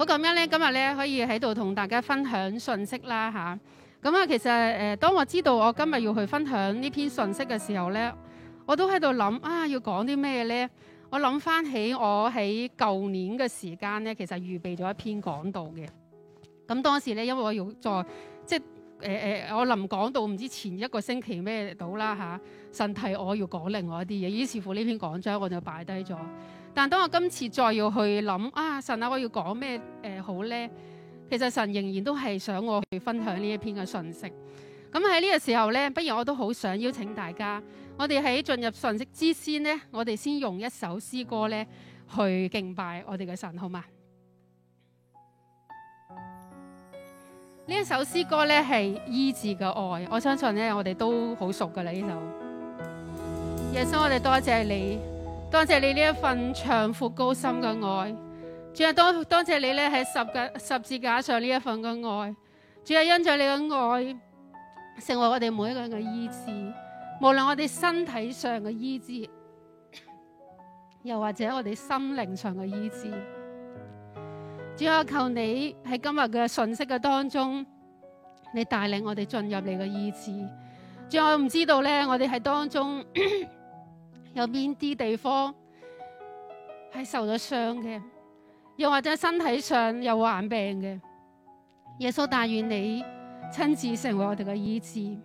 好，咁樣咧，今日咧可以喺度同大家分享信息啦吓，咁啊，其實誒、呃，當我知道我今日要去分享呢篇信息嘅時候咧，我都喺度諗啊，要講啲咩咧？我諗翻起我喺舊年嘅時間咧，其實預備咗一篇講道嘅。咁、啊、當時咧，因為我要再，即誒誒、呃呃，我臨講道唔知道前一個星期咩到啦吓，神、啊、提我要講另外一啲嘢，於是乎呢篇講章我就擺低咗。但當我今次再要去諗啊神啊我要講咩誒、呃、好咧，其實神仍然都係想我去分享呢一篇嘅信息。咁喺呢個時候咧，不如我都好想邀請大家，我哋喺進入信息之先咧，我哋先用一首詩歌咧去敬拜我哋嘅神，好嗎？呢一首詩歌咧係醫治嘅愛，我相信咧我哋都好熟噶啦呢首。耶穌，我哋多謝你。多謝你呢一份長闊高深嘅愛，仲有多多謝你咧喺十架十字架上呢一份嘅愛，主啊，因着你嘅愛，成為我哋每一個人嘅醫治，無論我哋身體上嘅醫治，又或者我哋心靈上嘅醫治。主啊，求你喺今日嘅信息嘅當中，你帶領我哋進入你嘅醫治。主啊，唔知道咧，我哋喺當中。 有邊啲地方係受咗傷嘅，又或者身體上有患病嘅。耶穌，但願你親自成為我哋嘅醫治，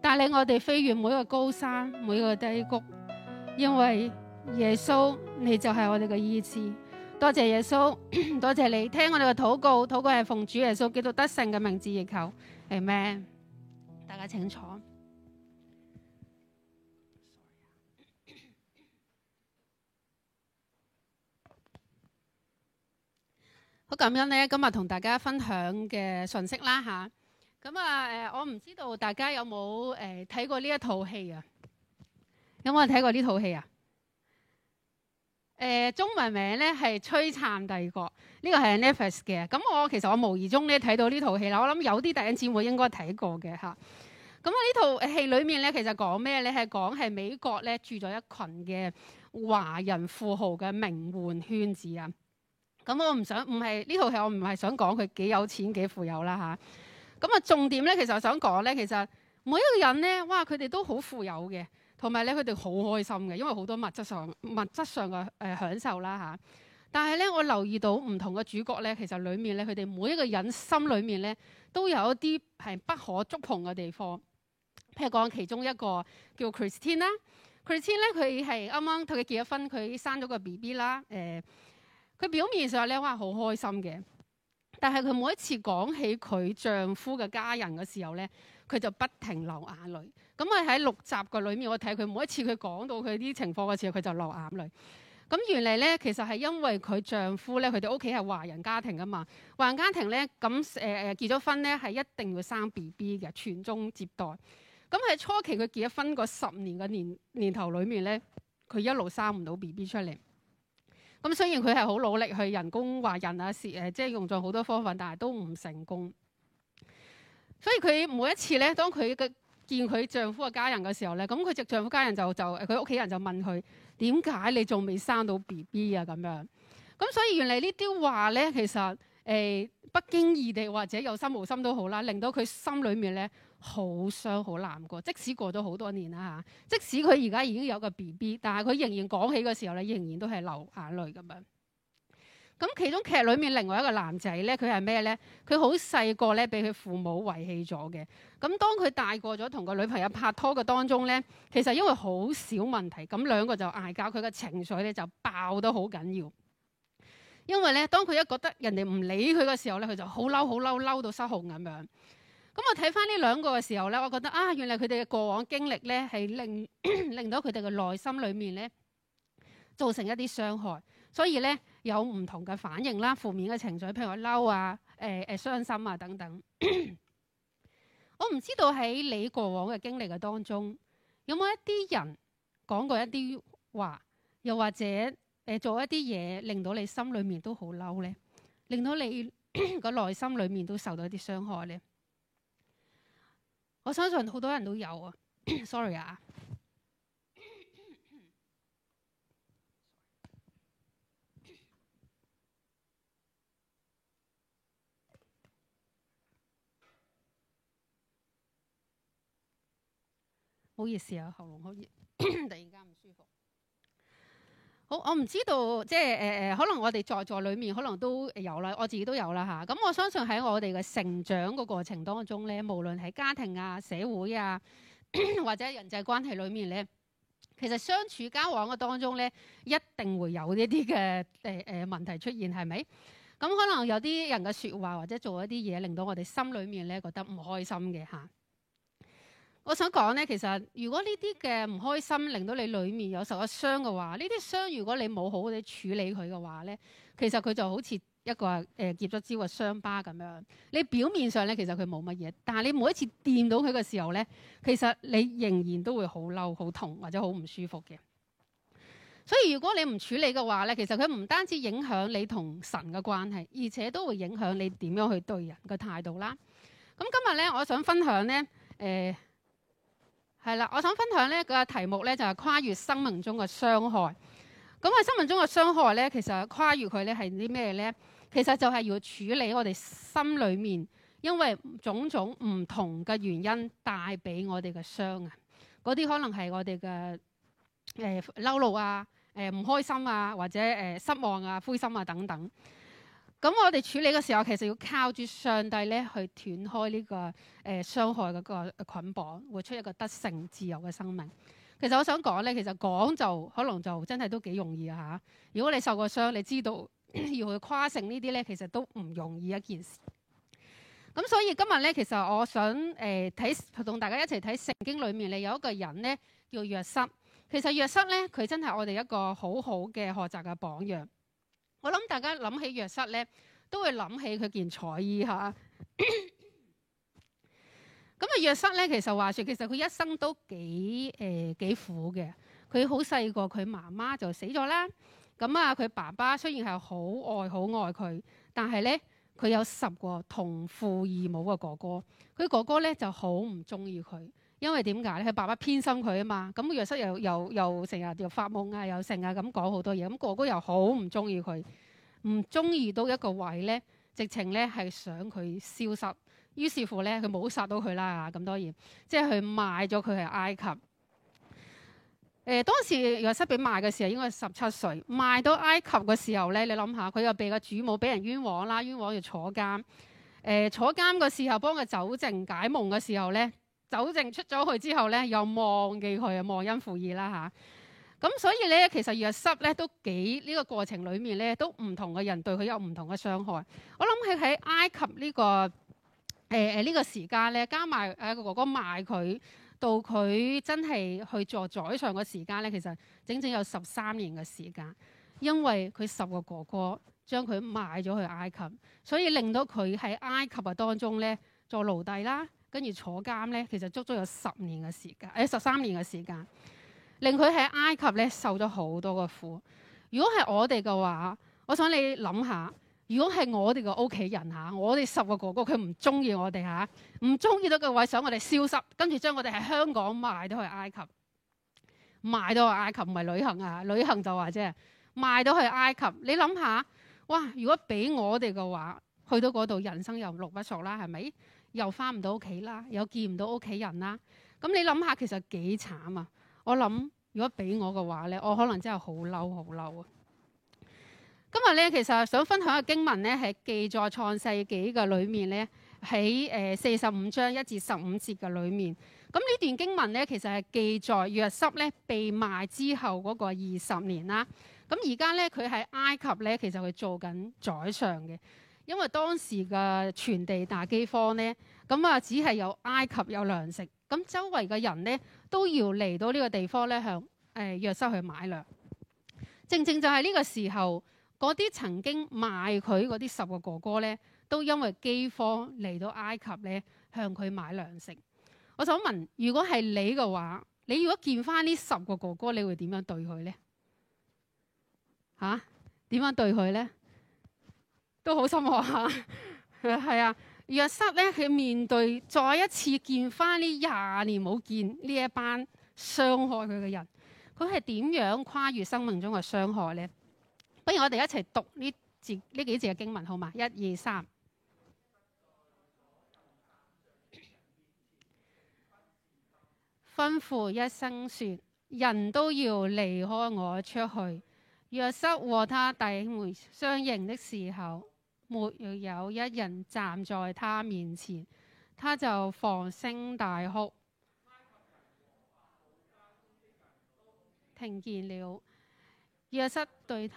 帶領我哋飛越每個高山每個低谷，因為耶穌你就係我哋嘅醫治。多謝耶穌，多謝你聽我哋嘅禱告，禱告係奉主耶穌基督得勝嘅名字而求，係咩。大家請坐。咁樣咧，今日同大家分享嘅信息啦吓，咁啊誒、呃，我唔知道大家有冇誒睇過呢一套戲啊？有冇人睇過呢套戲啊？誒，中文名咧係《璀璨帝國》，呢、這個係 Netflix 嘅。咁我、啊、其實我無意中咧睇到呢套戲啦。我諗有啲第一節目應該睇過嘅吓，咁啊，呢、啊、套戲裡面咧其實講咩？你係講係美國咧住咗一群嘅華人富豪嘅名媛圈子啊。咁我唔想，唔係呢套戲，戲我唔係想講佢幾有錢，幾富有啦嚇。咁啊，重點咧，其實我想講咧，其實每一個人咧，哇，佢哋都好富有嘅，同埋咧，佢哋好開心嘅，因為好多物質上物質上嘅誒、呃、享受啦嚇、啊。但係咧，我留意到唔同嘅主角咧，其實裏面咧，佢哋每一個人心裏面咧，都有一啲係不可觸碰嘅地方。譬如講其中一個叫 Christine 啦 Christine 啦，Christine 咧，佢係啱啱同佢結咗婚，佢生咗個 B B 啦，誒、呃。佢表面上咧哇，好開心嘅，但係佢每一次講起佢丈夫嘅家人嘅時候咧，佢就不停流眼淚。咁佢喺六集嘅裏面，我睇佢每一次佢講到佢啲情況嘅時候，佢就流眼淚。咁、嗯、原嚟咧，其實係因為佢丈夫咧，佢哋屋企係華人家庭㗎嘛。華人家庭咧，咁誒誒結咗婚咧，係一定會生 B B 嘅，傳宗接代。咁、嗯、喺初期佢結咗婚嗰十年嘅年年頭裏面咧，佢一路生唔到 B B 出嚟。咁雖然佢係好努力去人工懷孕啊事，啊、就，是誒，即係用咗好多方法，但係都唔成功。所以佢每一次咧，當佢嘅見佢丈夫嘅家人嘅時候咧，咁佢只丈夫家人就就佢屋企人就問佢，點解你仲未生到 B B 啊？咁樣，咁所以原嚟呢啲話咧，其實誒、呃、不經意地或者有心無心都好啦，令到佢心裏面咧，好傷好難過，即使過咗好多年啦嚇，即使佢而家已經有個 BB，但係佢仍然講起嘅時候咧，仍然都係流眼淚咁樣。咁其中劇裏面另外一個男仔咧，佢係咩咧？佢好細個咧，俾佢父母遺棄咗嘅。咁當佢大個咗，同個女朋友拍拖嘅當中咧，其實因為好少問題，咁兩個就嗌交，佢嘅情緒咧就爆得好緊要。因為咧，當佢一覺得人哋唔理佢嘅時候咧，佢就好嬲、好嬲、嬲到失控咁樣。咁我睇翻呢兩個嘅時候咧，我覺得啊，原來佢哋嘅過往經歷咧，係令 令到佢哋嘅內心裡面咧，造成一啲傷害。所以咧，有唔同嘅反應啦，負面嘅情緒，譬如話嬲啊，誒、呃、誒傷心啊等等。 我唔知道喺你過往嘅經歷嘅當中，有冇一啲人講過一啲話，又或者誒、呃、做一啲嘢，令到你心裡面都好嬲咧？令到你個 內心裡面都受到一啲傷害咧？我相信好多人都有啊。sorry 啊，唔好意思啊，喉嚨好熱，突然間。我唔知道，即係誒誒，可能我哋在座裏面可能都有啦，我自己都有啦吓。咁、啊、我相信喺我哋嘅成長嘅過程當中咧，無論喺家庭啊、社會啊， 或者人際關係裏面咧，其實相處交往嘅當中咧，一定會有呢啲嘅誒誒問題出現，係咪？咁可能有啲人嘅說話或者做一啲嘢，令到我哋心裏面咧覺得唔開心嘅吓。啊我想講咧，其實如果呢啲嘅唔開心令到你裏面有受咗傷嘅話，呢啲傷如果你冇好好哋處理佢嘅話咧，其實佢就好似一個誒結咗焦嘅傷疤咁樣。你表面上咧，其實佢冇乜嘢，但係你每一次掂到佢嘅時候咧，其實你仍然都會好嬲、好痛或者好唔舒服嘅。所以如果你唔處理嘅話咧，其實佢唔單止影響你同神嘅關係，而且都會影響你點樣去對人嘅態度啦。咁今日咧，我想分享咧，誒、呃。係啦，我想分享呢嗰個題目呢，就係跨越生命中嘅傷害。咁、嗯、啊，生命中嘅傷害呢，其實跨越佢呢係啲咩呢？其實就係要處理我哋心裏面因為種種唔同嘅原因帶俾我哋嘅傷啊。嗰啲可能係我哋嘅誒嬲怒啊、誒、呃、唔開心啊，或者誒、呃、失望啊、灰心啊等等。咁我哋處理嘅時候，其實要靠住上帝咧去斷開呢、這個誒傷、呃、害嗰、那個捆綁，活出一個得勝、自由嘅生命。其實我想講咧，其實講就可能就真係都幾容易吓。如果你受過傷，你知道 要去跨越呢啲咧，其實都唔容易一件事。咁所以今日咧，其實我想誒睇，同大家一齊睇聖經裏面咧，有一個人咧叫約瑟。其實約瑟咧，佢真係我哋一個好好嘅學習嘅榜樣。我諗大家諗起約瑟咧，都會諗起佢件彩衣哈。咁啊，約瑟咧，其實話說，其實佢一生都幾誒、呃、幾苦嘅。佢好細個，佢媽媽就死咗啦。咁啊，佢爸爸雖然係好愛好愛佢，但係咧，佢有十個同父異母嘅哥哥，佢哥哥咧就好唔中意佢。因為點解咧？佢爸爸偏心佢啊嘛，咁約瑟又又又成日又，又發夢啊，又成日咁講好多嘢，咁、嗯、哥哥又好唔中意佢，唔中意到一個位咧，直情咧係想佢消失，於是乎咧佢冇殺到佢啦，咁多嘢，即係佢賣咗佢去埃及。誒、呃，當時約瑟俾賣嘅時候應該係十七歲，賣到埃及嘅時候咧，你諗下佢又被個主母俾人冤枉啦，冤枉要坐監，誒、呃，坐監嘅時候幫佢走靜解夢嘅時候咧。酒政出咗去之後咧，又忘記佢，忘恩負義啦嚇。咁、啊、所以咧，其實約瑟咧都幾呢、呢個過程裏面咧，都唔同嘅人對佢有唔同嘅傷害。我諗佢喺埃及呢、呢個誒誒呢個時間咧，加埋誒個哥哥賣佢到佢真係去做宰相嘅時間咧，其實整整有十三年嘅時間，因為佢十個哥哥將佢賣咗去埃及，所以令到佢喺埃及啊當中咧做奴隸啦。跟住坐監咧，其實足足有十年嘅時間，誒、哎、十三年嘅時間，令佢喺埃及咧受咗好多嘅苦。如果係我哋嘅話，我想你諗下，如果係我哋嘅屋企人吓，我哋十個哥哥佢唔中意我哋吓，唔中意到個位，想我哋消失，跟住將我哋喺香港賣到去埃及，賣到去埃及唔係旅行啊，旅行就話、是、啫，賣到去埃及，你諗下，哇！如果俾我哋嘅話，去到嗰度人生又六不熟啦，係咪？又翻唔到屋企啦，又見唔到屋企人啦。咁你諗下，其實幾慘啊！我諗如果俾我嘅話咧，我可能真係好嬲，好嬲啊！今日咧，其實想分享嘅經文咧，係記載創世紀嘅裏面咧，喺誒四十五章一至十五節嘅裏面。咁呢段經文咧，其實係記載約瑟咧被賣之後嗰個二十年啦。咁而家咧，佢喺埃及咧，其實佢做緊宰相嘅。因為當時嘅全地大饑荒咧，咁啊只係有埃及有糧食，咁周圍嘅人咧都要嚟到呢個地方咧向誒約瑟去買糧。正正就係呢個時候，嗰啲曾經賣佢嗰啲十個哥哥咧，都因為饑荒嚟到埃及咧向佢買糧食。我想問，如果係你嘅話，你如果見翻呢十個哥哥，你會點樣對佢咧？嚇、啊？點樣對佢咧？都好深刻 啊！係啊，約瑟咧，佢面對再一次見翻呢廿年冇見呢一班傷害佢嘅人，佢係點樣跨越生命中嘅傷害呢？不如我哋一齊讀呢節呢幾字嘅經文好嘛？一二三，吩咐一聲說：人都要離開我出去。約瑟和他弟兄相認的時候。沒有，有一人站在他面前，他就放聲大哭。 聽見了，約瑟對他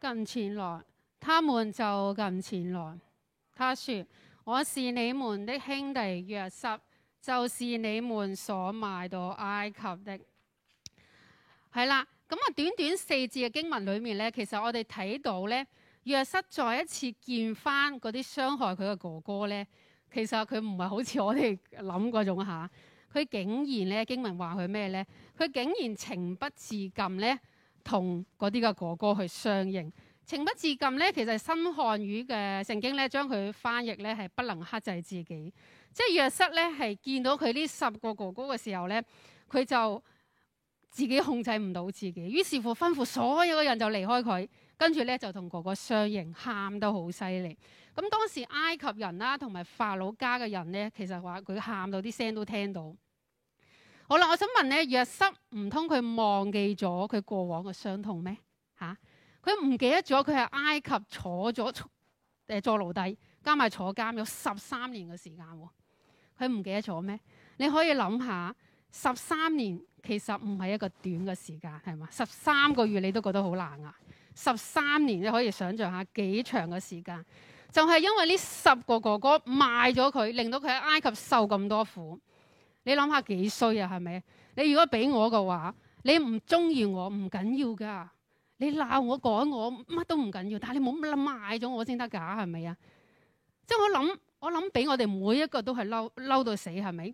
近前來 他們就近前來，他說，我是你們的兄弟約瑟，就是你們所賣到埃及的。係啦，咁啊短短四字嘅經文裏面呢，其實我哋睇到呢，約瑟再一次見翻嗰啲傷害佢嘅哥哥咧，其實佢唔係好似我哋諗嗰種吓，佢竟然咧，經文話佢咩呢？佢竟然情不自禁咧，同嗰啲嘅哥哥去相認。情不自禁咧，其實新漢語嘅聖經咧，將佢翻譯咧係不能克制自己。即係約瑟咧，係見到佢呢十個哥哥嘅時候咧，佢就自己控制唔到自己，於是乎吩咐所有嘅人就離開佢，跟住咧就同哥哥相認，喊得好犀利。咁當時埃及人啦，同埋法老家嘅人咧，其實話佢喊到啲聲都聽到。好啦，我想問咧，約瑟唔通佢忘記咗佢過往嘅傷痛咩？嚇？佢唔記得咗，佢係埃及坐咗誒作奴隸，加埋坐監有十三年嘅時間喎。佢唔記得咗咩？你可以諗下，十三年其實唔係一個短嘅時間，係嘛？十三個月你都覺得好難啊，十三年你可以想象下幾長嘅時間。就係、是、因為呢十個哥哥賣咗佢，令到佢喺埃及受咁多苦。你諗下幾衰啊？係咪？你如果俾我嘅話，你唔中意我唔緊要㗎。你鬧我講我乜都唔緊要，但係你冇諗賣咗我先得㗎，係咪啊？即係我諗，我諗俾我哋每一個都係嬲嬲到死，係咪？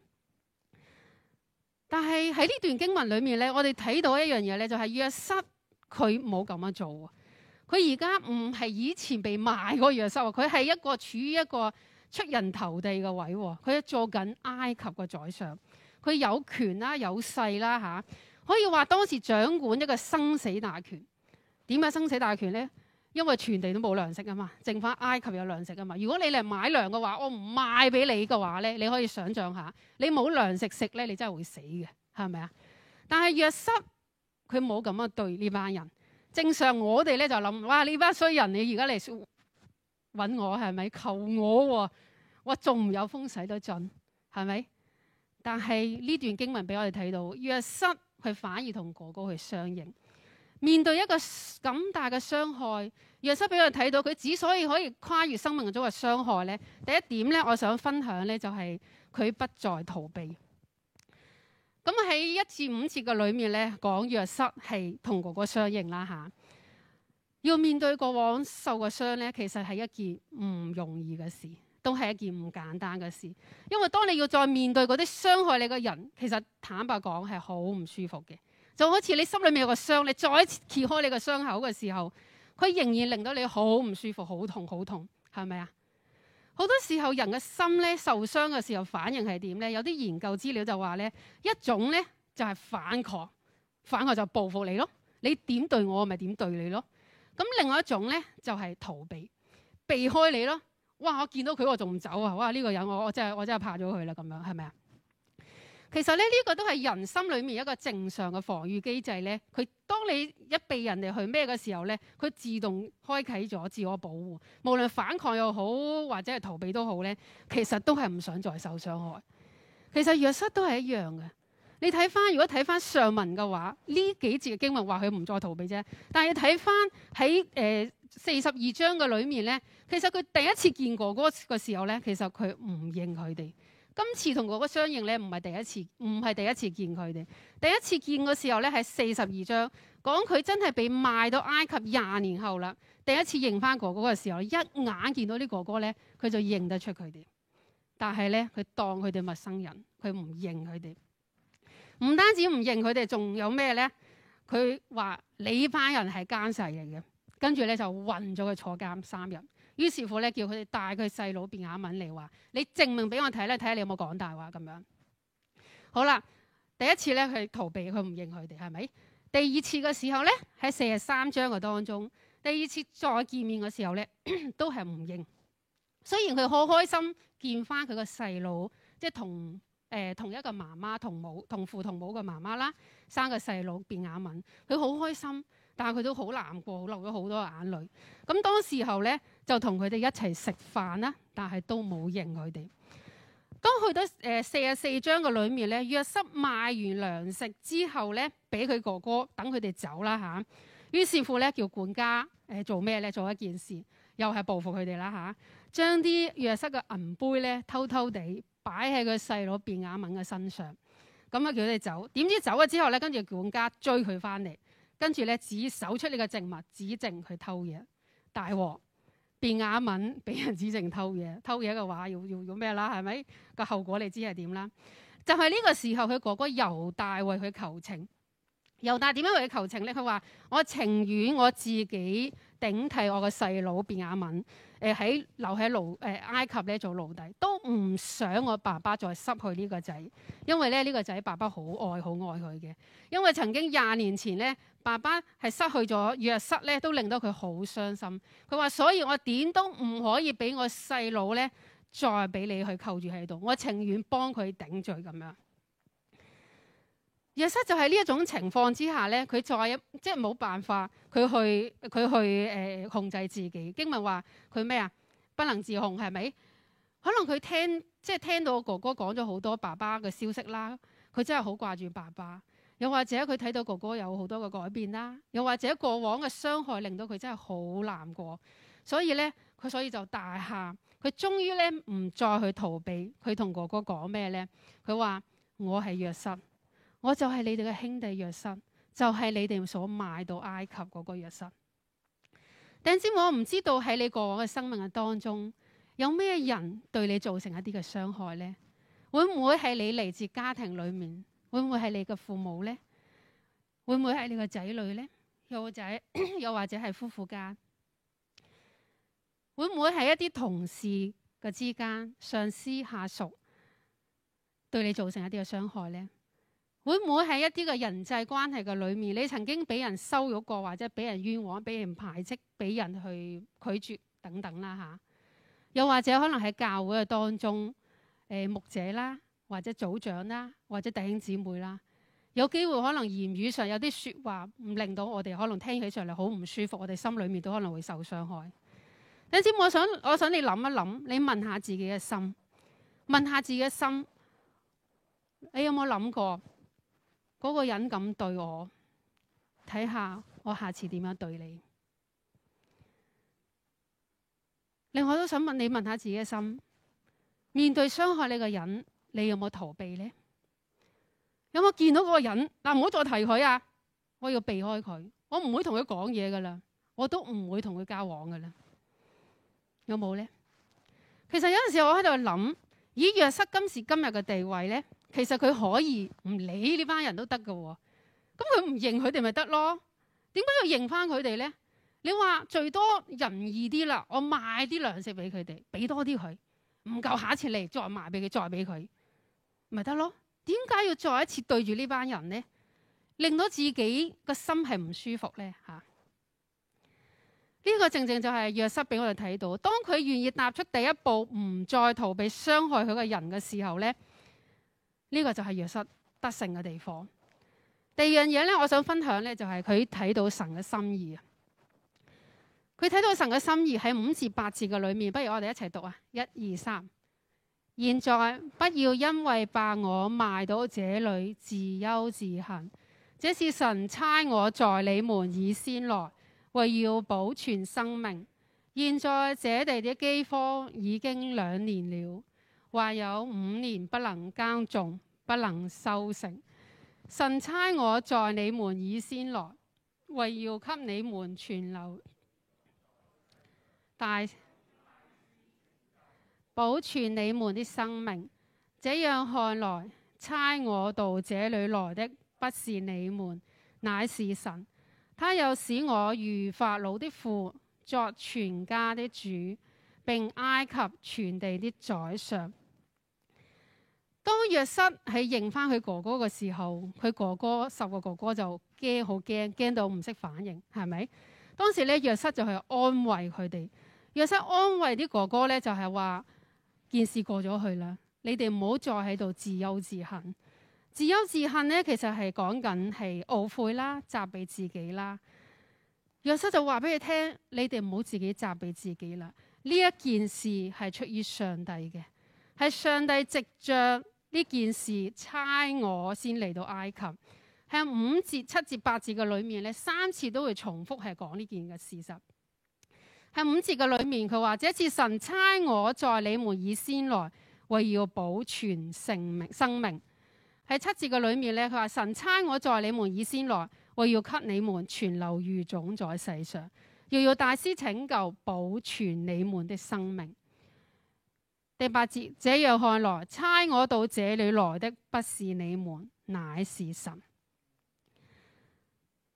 但係喺呢段經文裡面咧，我哋睇到一樣嘢咧，就係約瑟佢冇咁樣做。佢而家唔係以前被賣過約瑟，佢係一個處於一個出人頭地嘅位。佢一做緊埃及嘅宰相，佢有權啦，有勢啦，嚇，可以話當時掌管一個生死大權。點解生死大權咧？因為全地都冇糧食啊嘛，剩返埃及有糧食啊嘛。如果你嚟買糧嘅話，我唔賣俾你嘅話咧，你可以想象下，你冇糧食食咧，你真係會死嘅，係咪啊？但係約瑟佢冇咁樣對呢班人。正常我哋咧就諗哇，呢班衰人，你而家嚟揾我係咪求我？我仲唔有風使得盡係咪？但係呢段經文俾我哋睇到，約瑟佢反而同哥哥去相認。面對一個咁大嘅傷害，約瑟俾我睇到佢之所以可以跨越生命中嘅傷害咧，第一點咧，我想分享咧就係、是、佢不再逃避。咁喺一至五節嘅裏面咧，講約瑟」係同哥哥相認啦吓。要面對過往受嘅傷咧，其實係一件唔容易嘅事，都係一件唔簡單嘅事。因為當你要再面對嗰啲傷害你嘅人，其實坦白講係好唔舒服嘅。就好似你心裏面有個傷，你再一次揭開你個傷口嘅時候，佢仍然令到你好唔舒服、好痛、好痛，係咪啊？好多時候人嘅心咧受傷嘅時候反應係點咧？有啲研究資料就話咧，一種咧就係反抗，反抗就報復你咯。你點對我咪點對你咯。咁另外一種咧就係逃避，避開你咯。哇！我見到佢我仲唔走啊？哇！呢個人我我真係我真係怕咗佢啦，咁樣係咪啊？其實咧呢個都係人心裏面一個正常嘅防禦機制咧，佢當你一被人哋去咩嘅時候咧，佢自動開啟咗自我保護，無論反抗又好或者係逃避都好咧，其實都係唔想再受傷害。其實約瑟都係一樣嘅。你睇翻，如果睇翻上文嘅話，呢幾節嘅經文話佢唔再逃避啫。但係你睇翻喺誒四十二章嘅裏面咧，其實佢第一次見過嗰個時候咧，其實佢唔認佢哋。今次同哥哥相認咧，唔係第一次，唔係第一次見佢哋。第一次見嘅時候咧，係四十二章。講佢真係被賣到埃及廿年後啦。第一次認翻哥哥嘅時候，一眼見到啲哥哥咧，佢就認得出佢哋。但係咧，佢當佢哋陌生人，佢唔認佢哋。唔單止唔認佢哋，仲有咩咧？佢話你班人係奸細嚟嘅，跟住咧就暈咗佢坐監三日。於是乎咧，叫佢哋帶佢細佬便雅憫嚟話：你證明俾我睇咧，睇下你有冇講大話咁樣。好啦，第一次咧佢逃避，佢唔認佢哋係咪？第二次嘅時候咧，喺四十三章嘅當中，第二次再見面嘅時候咧，都係唔認。雖然佢好開心見翻佢個細佬，即係同誒、呃、同一個媽媽同母同父同母嘅媽媽啦，生個細佬便雅憫，佢好開心。但係佢都好難過，好流咗好多眼淚。咁當時候咧，就同佢哋一齊食飯啦，但係都冇認佢哋。當去到誒、呃、四十四章嘅裏面咧，約瑟賣完糧食之後咧，俾佢哥哥等佢哋走啦嚇、啊。於是乎咧，叫管家誒、呃、做咩咧？做一件事，又係報復佢哋啦嚇。將啲約瑟嘅銀杯咧，偷偷地擺喺佢細佬便雅憫嘅身上。咁啊，叫佢哋走。點知走咗之後咧，跟住管家追佢翻嚟。跟住咧指搜出你嘅證物，指證佢偷嘢，大鑊！便雅憫俾人指證偷嘢，偷嘢嘅話要要要咩啦？係咪個後果你知係點啦？就係、是、呢個時候，佢哥哥猶大為佢求情。猶大點樣為佢求情咧？佢話我情願我自己。頂替我個細佬便雅憫，誒、呃、喺留喺奴誒埃及咧做奴隸，都唔想我爸爸再失去呢個仔，因為咧呢、這個仔爸爸好愛好愛佢嘅，因為曾經廿年前咧爸爸係失去咗約瑟，咧，都令到佢好傷心。佢話所以我點都唔可以俾我細佬咧再俾你去扣住喺度，我情願幫佢頂罪咁樣。約瑟就喺呢一種情況之下咧，佢再一即係冇辦法，佢去佢去誒、呃、控制自己。經文話佢咩啊？不能自控係咪？可能佢聽即係、就是、聽到哥哥講咗好多爸爸嘅消息啦，佢真係好掛住爸爸。又或者佢睇到哥哥有好多嘅改變啦，又或者過往嘅傷害令到佢真係好難過，所以咧佢所以就大喊。佢終於咧唔再去逃避。佢同哥哥講咩咧？佢話我係約瑟。我就係你哋嘅兄弟約瑟，就係、是、你哋所賣到埃及嗰個約瑟。但係，我唔知道喺你過往嘅生命嘅當中，有咩人對你造成一啲嘅傷害呢？會唔會係你嚟自家庭裏面？會唔會係你嘅父母呢？會唔會係你嘅仔女呢？又仔又或者係夫婦間？會唔會係一啲同事嘅之間、上司下屬對你造成一啲嘅傷害呢？會唔會喺一啲嘅人際關係嘅裏面，你曾經俾人羞辱過，或者俾人冤枉、俾人排斥、俾人去拒絕等等啦吓，啊？又或者可能喺教會嘅當中，誒、呃，牧者啦，或者組長啦，或者弟兄姊妹啦，有機會可能言語上有啲說話唔令到我哋可能聽起上嚟，好唔舒服，我哋心裏面都可能會受傷害。你知我想，我想你諗一諗，你問下自己嘅心，問下自己嘅心，你有冇諗過？嗰個人咁對我，睇下我下次點樣對你。另外都想問你問下自己嘅心，面對傷害你嘅人，你有冇逃避呢？有冇見到嗰個人嗱？唔好再提佢啊！我要避開佢，我唔會同佢講嘢噶啦，我都唔會同佢交往噶啦。有冇呢？其實有陣時我喺度諗，以約瑟今時今日嘅地位呢？其實佢可以唔理呢班人都得嘅喎，咁佢唔認佢哋咪得咯？點解要認翻佢哋咧？你話最多仁義啲啦，我賣啲糧食俾佢哋，俾多啲佢，唔夠下次嚟再賣俾佢，再俾佢，咪得咯？點解要再一次對住呢班人咧？令到自己個心係唔舒服咧嚇？呢、啊這個正正就係約瑟俾我哋睇到，當佢願意踏出第一步，唔再逃避傷害佢嘅人嘅時候咧。呢個就係約瑟得勝嘅地方。第二樣嘢咧，我想分享咧，就係佢睇到神嘅心意啊！佢睇到神嘅心意喺五至八節嘅裏面，不如我哋一齊讀啊！一二三，現在不要因為把我賣到這裏自憂自恨，這是神差我在你們以先來，為要保存生命。現在這地的饑荒已經兩年了。還有五年不能耕種，不能收成。神差我在你們以先來，為要給你們存留、大保存你們的生命。這樣看來，差我到這裏來的不是你們，乃是神。他又使我如法老的父，作全家的主，並埃及全地的宰相。當約瑟喺認翻佢哥哥嘅時候，佢哥哥十個哥哥就驚好驚，驚到唔識反應，係咪？當時咧約瑟就去安慰佢哋，約瑟安慰啲哥哥咧就係、是、話：件事過咗去啦，你哋唔好再喺度自憂自恨。自憂自恨咧，其實係講緊係懊悔啦，責備自己啦。約瑟就話俾佢聽：你哋唔好自己責備自己啦，呢一件事係出於上帝嘅，係上帝藉着。呢件事差我先嚟到埃及，喺五節七節八節嘅裏面呢，三次都會重複係講呢件嘅事實。喺五節嘅裏面，佢話：這次神差我在你們以先來，為要保存性命。生命喺七節嘅裏面呢，佢話：神差我在你們以先來，為要給你們存留餘種在世上，要要大施拯救保存你們的生命。第八節，這樣看來，差我到這裡來的不是你們，乃是神。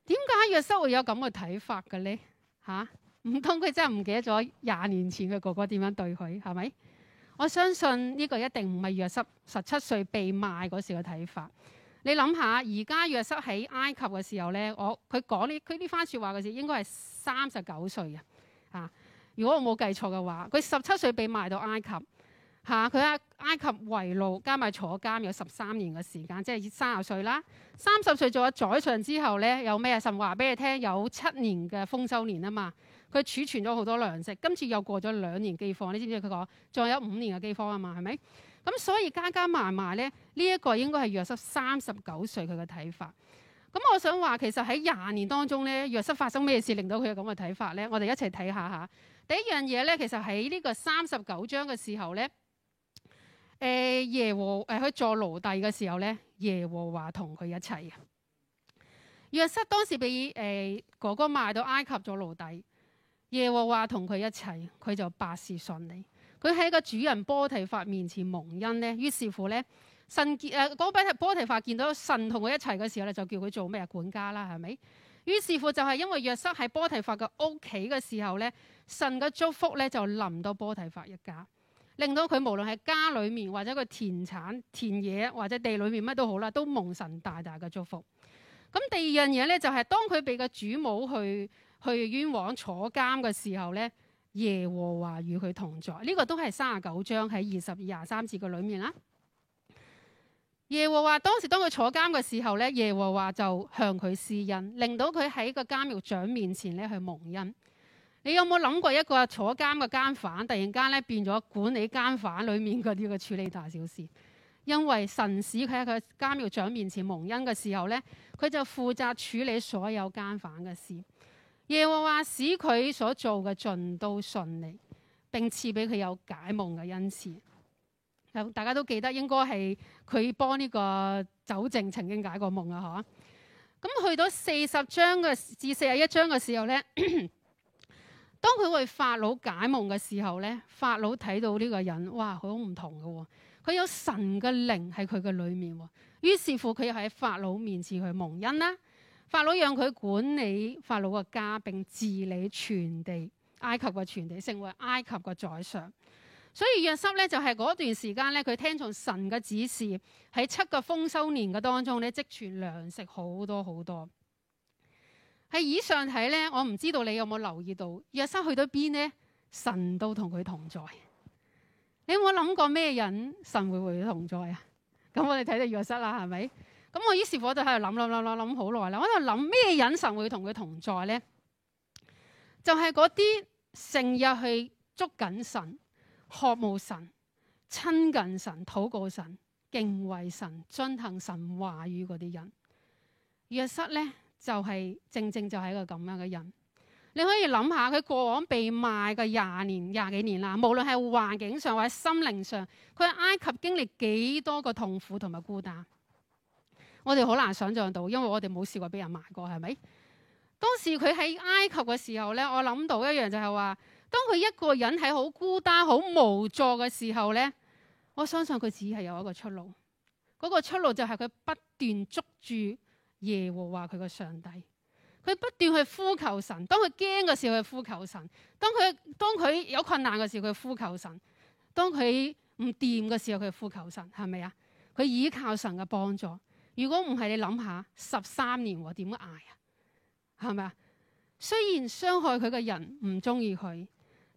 點解約瑟會有咁嘅睇法嘅咧？嚇、啊，唔通佢真係唔記得咗廿年前嘅哥哥點樣對佢係咪？我相信呢個一定唔係約瑟十七歲被賣嗰時嘅睇法。你諗下，而家約瑟喺埃及嘅時候咧，我佢講呢佢呢番説話嘅時應該，應該係三十九歲啊。嚇，如果我冇記錯嘅話，佢十七歲被賣到埃及。吓，佢阿埃及為奴，加埋坐監有十三年嘅時間，即係三十歲啦。三十歲做咗宰相之後咧，有咩啊？神話俾你聽，有七年嘅豐收年啊嘛。佢儲存咗好多糧食，今次又過咗兩年饑荒，你知唔知佢講？仲有五年嘅饑荒啊嘛，係咪？咁所以加加埋埋咧，呢一個應該係約瑟三十九歲佢嘅睇法。咁我想話，其實喺廿年當中咧，約瑟發生咩事令到佢有咁嘅睇法咧？我哋一齊睇下嚇。第一樣嘢咧，其實喺呢個三十九章嘅時候咧。誒、啊，耶和，誒，佢做奴隸嘅時候咧，耶和華同佢一齊嘅。約瑟當時俾誒、呃、哥哥賣到埃及做奴隸，耶和華同佢一齊，佢就百事順利。佢喺個主人波提法面前蒙恩咧，於是乎咧，神誒俾波提法見到神同佢一齊嘅時候咧，就叫佢做咩啊管家啦，係咪？於是乎就係因為約瑟喺波提法嘅屋企嘅時候咧，神嘅祝福咧就臨到波提法一家。令到佢無論喺家裏面或者個田產、田野或者地裏面乜都好啦，都蒙神大大嘅祝福。咁第二樣嘢咧，就係當佢被個主母去去冤枉坐監嘅時候咧，耶和華與佢同在。呢個都係三十九章喺二十二、二十三節嘅裏面啦。耶和華當時當佢坐監嘅時候咧，耶和華就向佢施恩，令到佢喺個監獄長面前咧去蒙恩。你有冇諗過一個坐監嘅監犯，突然間咧變咗管理監犯裏面嗰啲嘅處理大小事？因為神使佢喺佢監獄長面前蒙恩嘅時候咧，佢就負責處理所有監犯嘅事。耶和華使佢所做嘅盡都順利，並賜俾佢有解夢嘅恩賜。大家都記得，應該係佢幫呢個酒政曾經解過夢啊！吓，咁去到四十章嘅至四十一章嘅時候咧。咳咳當佢為法老解夢嘅時候咧，法老睇到呢個人，哇，好唔同嘅，佢有神嘅靈喺佢嘅裏面。於是乎，佢又喺法老面前去蒙恩啦。法老讓佢管理法老嘅家，並治理全地埃及嘅全地，成為埃及嘅宰相。所以約瑟咧就係、是、嗰段時間咧，佢聽從神嘅指示，喺七個豐收年嘅當中咧，積存糧食好多好多。喺以上睇咧，我唔知道你有冇留意到，約瑟去到邊咧，神都同佢同在。你有冇諗過咩人神會唔會同在啊？咁我哋睇到約瑟啦，係咪？咁我於是我就喺度諗諗諗諗諗好耐啦。我喺度諗咩人神會同佢同在咧？就係嗰啲成日去捉緊神、渴慕神、親近神、禱告神、敬畏神、遵行神話語嗰啲人。約瑟咧。就係正正就係一個咁樣嘅人，你可以諗下佢過往被賣嘅廿年廿幾年啦，無論係環境上或者心靈上，佢喺埃及經歷幾多個痛苦同埋孤單，我哋好難想像到，因為我哋冇試過俾人賣過，係咪？當時佢喺埃及嘅時候咧，我諗到一樣就係話，當佢一個人喺好孤單、好無助嘅時候咧，我相信佢只係有一個出路，嗰個出路就係佢不斷捉住。耶和華佢個上帝，佢不斷去呼求神。當佢驚嘅時候，佢呼求神；當佢當佢有困難嘅時候，佢呼求神；當佢唔掂嘅時候，佢呼求神。係咪啊？佢倚靠神嘅幫助。如果唔係，你諗下十三年點捱啊？係咪啊？雖然傷害佢嘅人唔中意佢，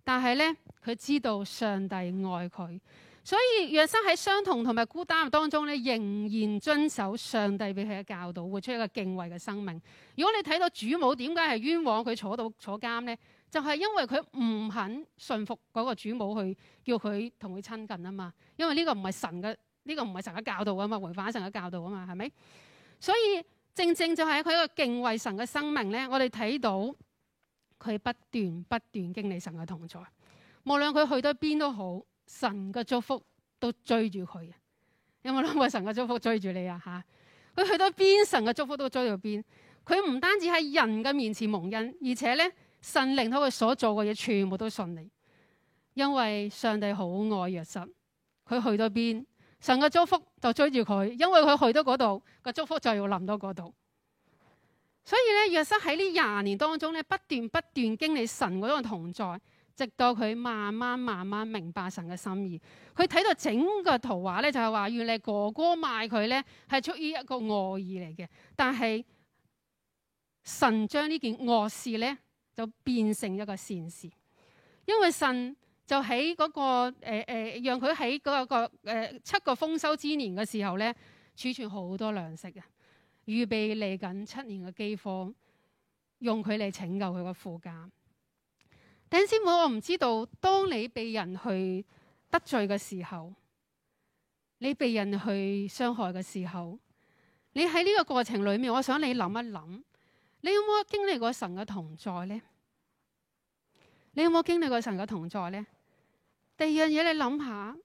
但係咧，佢知道上帝愛佢。所以，約瑟喺傷痛同埋孤單當中咧，仍然遵守上帝俾佢嘅教導，活出一個敬畏嘅生命。如果你睇到主母點解係冤枉佢坐到坐監咧，就係、是、因為佢唔肯信服嗰個主母去叫佢同佢親近啊嘛。因為呢個唔係神嘅，呢、這個唔係神嘅教導啊嘛，違反神嘅教導啊嘛，係咪？所以正正就係佢一個敬畏神嘅生命咧，我哋睇到佢不斷不斷經歷神嘅同在，無論佢去到邊都好。神嘅祝福都追住佢，有冇諗過神嘅祝福追住你啊！吓，佢去到邊，神嘅祝福都追到邊。佢唔單止喺人嘅面前蒙恩，而且咧，神令到佢所做嘅嘢全部都順利，因為上帝好愛約瑟。佢去到邊，神嘅祝福就追住佢，因為佢去到嗰度，個祝福就要臨到嗰度。所以咧，約瑟喺呢廿年當中咧，不斷不斷經歷神嗰種同在。直到佢慢慢慢慢明白神嘅心意，佢睇到整個圖畫咧就係話，原來哥哥賣佢咧係出於一個惡意嚟嘅，但係神將呢件惡事咧就變成一個善事，因為神就喺嗰、那個誒誒、呃，讓佢喺嗰個誒、呃、七個豐收之年嘅時候咧儲存好多糧食啊，預備嚟緊七年嘅饑荒，用佢嚟拯救佢個父家。丁師母，我我唔知道，當你被人去得罪嘅時候，你被人去傷害嘅時候，你喺呢個過程裏面，我想你諗一諗，你有冇經歷過神嘅同在呢？你有冇經歷過神嘅同在呢？第二樣嘢你諗下，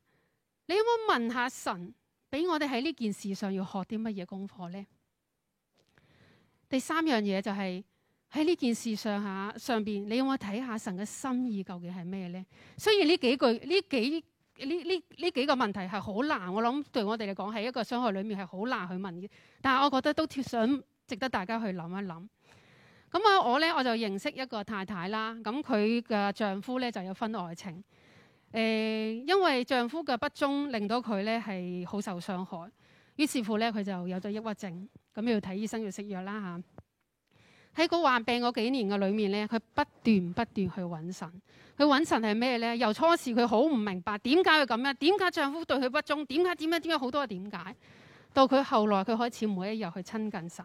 你有冇問下神，俾我哋喺呢件事上要學啲乜嘢功課呢？第三樣嘢就係。喺呢件事上下上邊，你有冇睇下神嘅心意究竟係咩呢？雖然呢幾句、呢幾呢呢呢幾個問題係好難，我諗對我哋嚟講喺一個傷害裏面係好難去問嘅。但係我覺得都想值得大家去諗一諗。咁啊，我呢，我就認識一個太太啦。咁佢嘅丈夫呢，就有婚外情，誒、呃，因為丈夫嘅不忠令到佢呢係好受傷害，於是乎呢，佢就有咗抑鬱症，咁要睇醫生要食藥啦嚇。喺嗰患病嗰幾年嘅裏面咧，佢不斷不斷去搵神。佢搵神係咩咧？由初時佢好唔明白，點解佢咁樣？點解丈夫對佢不忠？點解？點解？點解？好多嘅點解？到佢後來，佢開始每一日去親近神，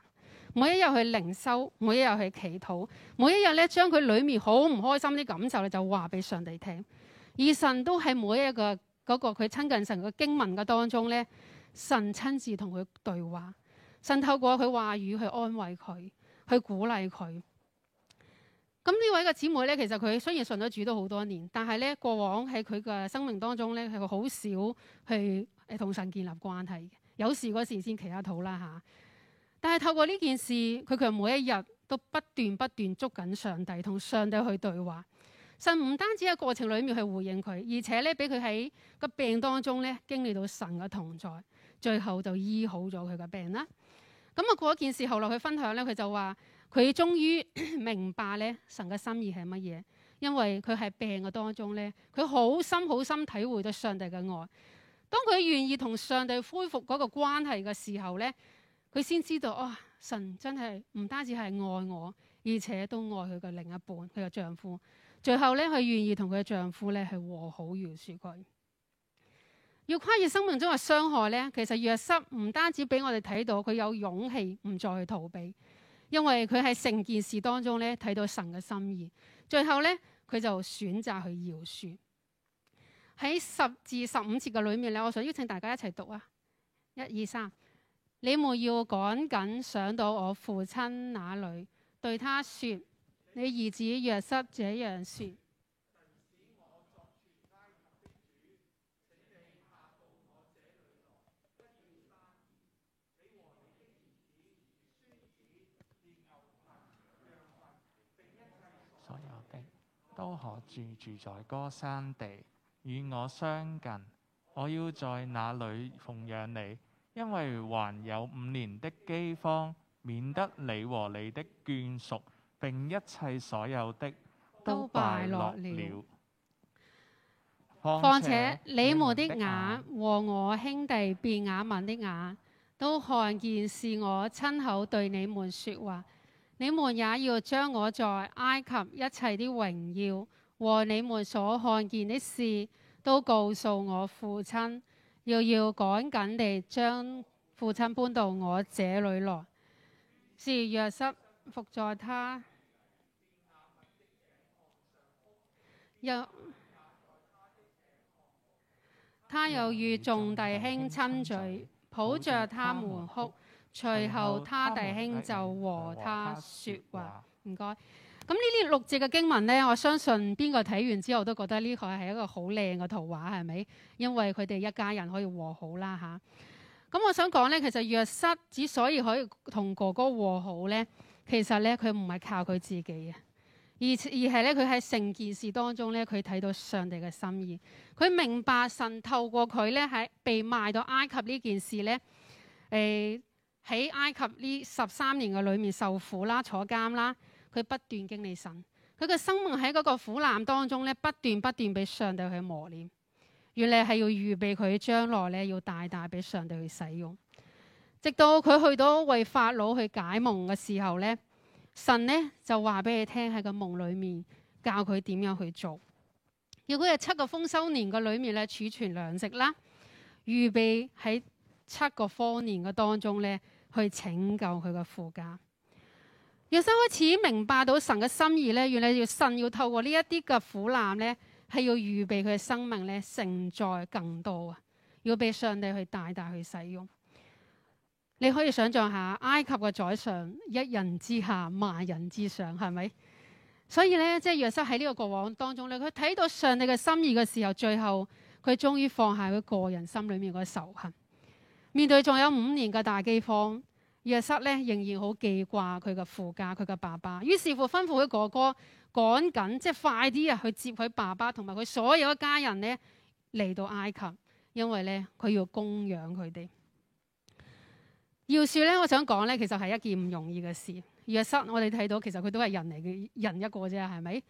每一日去靈修，每一日去祈禱，每一日咧將佢裏面好唔開心啲感受咧就話俾上帝聽。而神都喺每一個嗰個佢親近神嘅經文嘅當中咧，神親自同佢對話，神透過佢話語去安慰佢。去鼓勵佢。咁呢位嘅姊妹咧，其實佢雖然信咗主都好多年，但係咧過往喺佢嘅生命當中咧，係好少去誒，同神建立關係嘅。有事嗰時先祈下肚啦吓。但係透過呢件事，佢其實每一日都不斷不斷捉緊上帝，同上帝去對話。神唔單止喺過程裏面去回應佢，而且咧俾佢喺個病當中咧，經歷到神嘅同在，最後就醫好咗佢嘅病啦。咁啊，過一件事後來佢分享咧，佢就話：佢終於明白咧，神嘅心意係乜嘢，因為佢係病嘅當中咧，佢好深好深體會到上帝嘅愛。當佢願意同上帝恢復嗰個關係嘅時候咧，佢先知道啊、哦，神真係唔單止係愛我，而且都愛佢嘅另一半，佢嘅丈夫。最後咧，佢願意同佢嘅丈夫咧係和好如初過。要跨越生命中嘅傷害呢，其實約瑟唔單止俾我哋睇到佢有勇氣唔再去逃避，因為佢喺成件事當中呢睇，到神嘅心意，最後呢，佢就選擇去饒恕。喺十至十五節嘅裏面呢，我想邀請大家一齊讀啊，一二三，你們要趕緊上到我父親那裏，對他說：你兒子約瑟這樣說。都可住住在歌山地，與我相近。我要在那裏奉養你，因為還有五年的饑荒，免得你和你的眷屬並一切所有的都敗落了。落了且況且你們的眼和我兄弟便雅憫的眼都看見是我親口對你們說話。你們也要將我在埃及一切的榮耀和你們所看見的事都告訴我父親，又要，要趕緊地將父親搬到我這裏來，是約瑟伏在他又他又與眾弟兄親嘴，抱着他們哭。隨後，他弟兄就和他説話。唔該。咁呢啲六字嘅經文咧，我相信邊個睇完之後都覺得呢個係一個好靚嘅圖畫，係咪？因為佢哋一家人可以和好啦吓，咁、啊、我想講咧，其實約瑟之所以可以同哥哥和好咧，其實咧佢唔係靠佢自己嘅，而而係咧佢喺成件事當中咧，佢睇到上帝嘅心意，佢明白神透過佢咧喺被賣到埃及呢件事咧，誒、欸。喺埃及呢十三年嘅裏面受苦啦、坐監啦，佢不斷經歷神，佢嘅生命喺嗰個苦難當中咧，不斷不斷俾上帝去磨練，原嚟係要預備佢嘅將來咧，要大大俾上帝去使用。直到佢去到為法老去解夢嘅時候咧，神咧就話俾佢聽喺個夢裏面教佢點樣去做，如果係七個豐收年嘅裏面咧儲存糧食啦，預備喺七個荒年嘅當中咧。去拯救佢個父家，約瑟開始明白到神嘅心意咧，原來神，要透過呢一啲嘅苦難咧，係要預備佢嘅生命咧承載更多啊，要俾上帝去大大去使用。你可以想象下埃及嘅宰相一人之下萬人之上，係咪？所以咧，即係約瑟喺呢個過往當中咧，佢睇到上帝嘅心意嘅時候，最後佢終於放下佢個人心裏面個仇恨。面對仲有五年嘅大饑荒，約瑟咧仍然好記掛佢嘅父家、佢嘅爸爸，於是乎吩咐佢哥哥趕緊，即係、就是、快啲啊去接佢爸爸同埋佢所有嘅家人咧嚟到埃及，因為咧佢要供養佢哋。要說咧，我想講咧，其實係一件唔容易嘅事。約瑟，我哋睇到其實佢都係人嚟嘅人一個啫，係咪？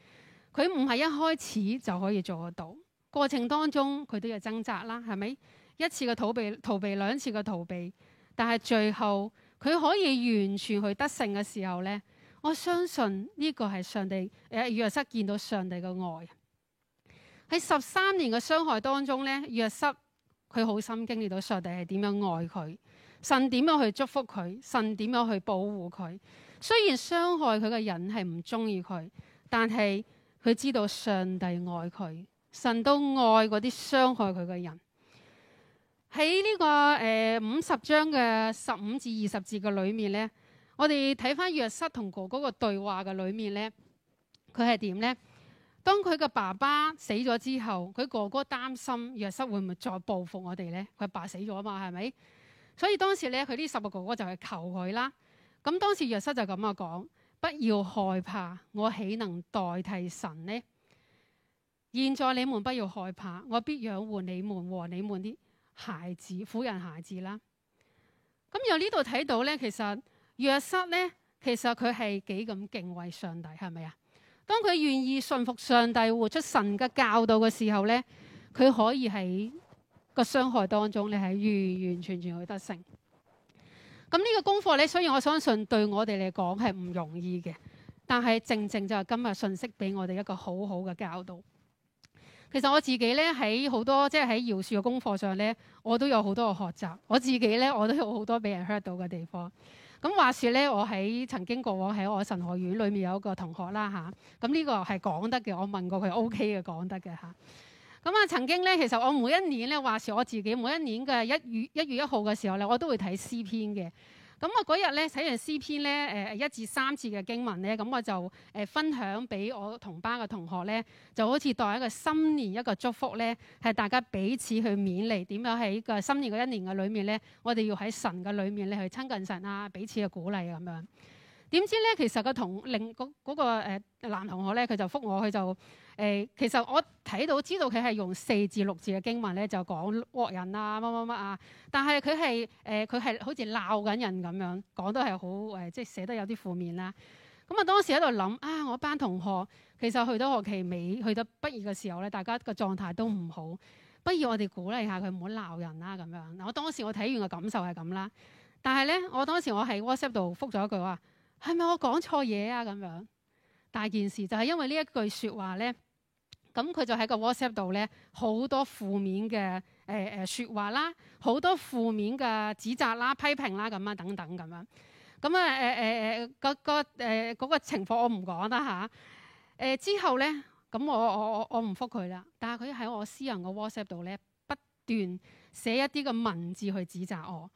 佢唔係一開始就可以做得到，過程當中佢都要掙扎啦，係咪？一次嘅逃避，逃避，兩次嘅逃避，但係最後佢可以完全去得勝嘅時候咧，我相信呢個係上帝誒。約瑟見到上帝嘅愛喺十三年嘅傷害當中咧，約瑟佢好心經歷到上帝係點樣愛佢，神點樣去祝福佢，神點樣去保護佢。雖然傷害佢嘅人係唔中意佢，但係佢知道上帝愛佢，神都愛嗰啲傷害佢嘅人。喺呢、這個誒五十章嘅十五至二十節嘅裏面咧，我哋睇翻約瑟同哥哥嘅對話嘅裏面咧，佢係點咧？當佢嘅爸爸死咗之後，佢哥哥擔心約瑟會唔會再報復我哋咧？佢爸死咗啊嘛，係咪？所以當時咧，佢呢十個哥哥就係求佢啦。咁當時約瑟就咁樣講：不要害怕，我豈能代替神呢？現在你們不要害怕，我必養護你們和你們啲。孩子，婦人，孩子啦。咁由呢度睇到咧，其實約瑟咧，其實佢係幾咁敬畏上帝，係咪啊？當佢願意順服上帝，活出神嘅教導嘅時候咧，佢可以喺個傷害當中，你係完完全全去得勝。咁呢個功課咧，雖然我相信對我哋嚟講係唔容易嘅，但係正正就係今日信息俾我哋一個好好嘅教導。其實我自己咧，喺好多即係喺饒恕嘅功課上咧，我都有好多嘅學習。我自己咧，我都有好多俾人 hurt 到嘅地方。咁話説咧，我喺曾經過往喺我神學院裏面有一個同學啦吓，咁、啊、呢、這個係講得嘅，我問過佢 OK 嘅講得嘅吓，咁啊、嗯、曾經咧，其實我每一年咧話説我自己每一年嘅一月一月一號嘅時候咧，我都會睇詩篇嘅。咁我嗰日咧睇完詩篇咧，誒、呃、一至三次嘅經文咧，咁、嗯、我就誒、呃、分享俾我同班嘅同學咧，就好似當一個新年一個祝福咧，係大家彼此去勉勵，點樣喺個新年嗰一年嘅裏面咧，我哋要喺神嘅裏面咧去親近神啊，彼此嘅鼓勵啊咁樣。點知咧？其實個同另嗰嗰個男同學咧，佢就覆我，佢就誒、呃、其實我睇到知道佢係用四字六字嘅經文咧，就講惡人啊乜乜乜啊。但係佢係誒佢係好似鬧緊人咁樣講，得係好誒，即係寫得有啲負面啦。咁、嗯、啊，當時喺度諗啊，我班同學其實去到學期尾，去到畢業嘅時候咧，大家個狀態都唔好。不如我哋鼓勵下佢唔好鬧人啦、啊、咁樣、嗯。我當時我睇完嘅感受係咁啦。但係咧，我當時我喺 WhatsApp 度覆咗一句話。係咪我講錯嘢啊？咁樣，大件事就係因為呢一句説話咧，咁佢就喺個 WhatsApp 度咧，好多負面嘅誒誒説話啦，好多負面嘅指責啦、批評啦咁啊等等咁樣。咁啊誒誒誒，呃呃嗰個個誒嗰個情況我唔講啦吓，誒、啊、之後咧，咁我我我我唔覆佢啦。但係佢喺我私人個 WhatsApp 度咧，不斷寫一啲嘅文字去指責我。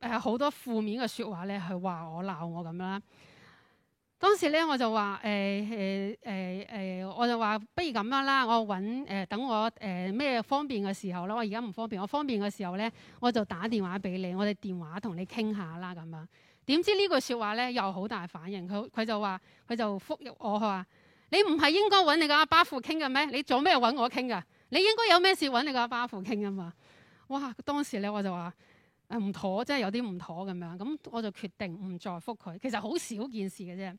誒好多負面嘅説話咧，係話我鬧我咁啦。當時咧我就話誒誒誒誒，我就話、欸欸欸、不如咁樣啦，我揾誒、欸、等我誒咩、欸、方便嘅時候啦。我而家唔方便，我方便嘅時候咧，我就打電話俾你，我哋電話同你傾下啦咁樣。點知句說呢句説話咧又好大反應，佢佢就話佢就覆我話：你唔係應該揾你個阿爸父傾嘅咩？你做咩揾我傾㗎？你應該有咩事揾你個阿爸父傾啊嘛！哇！當時咧我就話。誒唔妥，即係有啲唔妥咁樣，咁我就決定唔再覆佢。其實好少件事嘅啫。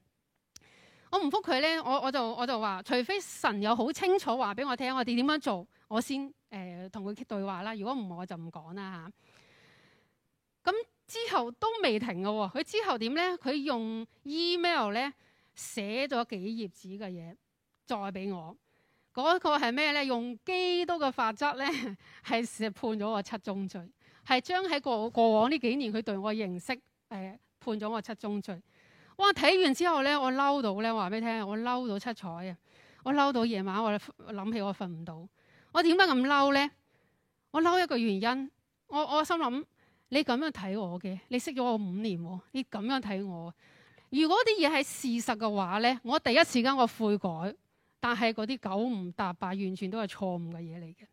我唔覆佢咧，我我就我就話，除非神有好清楚話俾我聽，我哋點樣做，我先誒同佢對話啦。如果唔係，我就唔講啦吓，咁、啊、之後都未停嘅喎，佢、哦、之後點咧？佢用 email 咧寫咗幾頁紙嘅嘢，再俾我。嗰、嗰個係咩咧？用基督嘅法則咧，係 判咗我七宗罪。係將喺過過往呢幾年佢對我認識，誒判咗我七宗罪。哇！睇完之後咧，我嬲到咧，我話俾你聽，我嬲到七彩啊！我嬲到夜晚，我諗起我瞓唔到。我點解咁嬲咧？我嬲一個原因，我我心諗你咁樣睇我嘅，你，你識咗我五年喎，你咁樣睇我。如果啲嘢係事實嘅話咧，我第一次間第一時間我悔改，但係嗰啲九唔搭八，完全都係錯誤嘅嘢嚟嘅。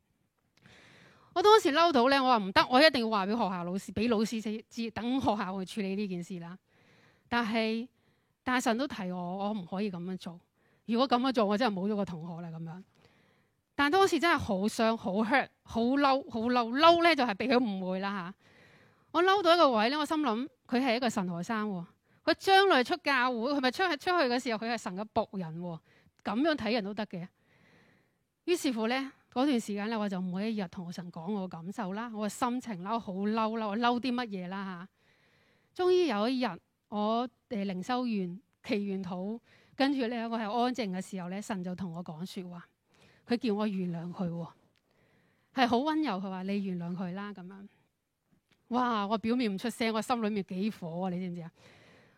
我當時嬲到咧，我話唔得，我一定要話俾學校老師，俾老師先知，等學校去處理呢件事啦。但係大神都提我，我唔可以咁樣做。如果咁樣做，我真係冇咗個同學啦咁樣。但係當時真係好傷、好 hurt、好嬲、好嬲嬲咧，就係俾佢誤會啦吓、啊。我嬲到一個位咧，我心諗佢係一個神學生，佢將來出教會，佢咪出出去嘅時候，佢係神嘅僕人，咁樣睇人都得嘅。於是乎咧。嗰段時間咧，我就每一日同神講我感受啦，我心情嬲，好嬲啦，我嬲啲乜嘢啦嚇。終於有一日，我誒呃、靈修完，祈完禱，跟住咧我係安靜嘅時候咧，神就同我講説話，佢叫我原諒佢喎，係、哦、好溫柔，佢話你原諒佢啦咁樣。哇！我表面唔出聲，我心裏面幾火啊！你知唔知啊？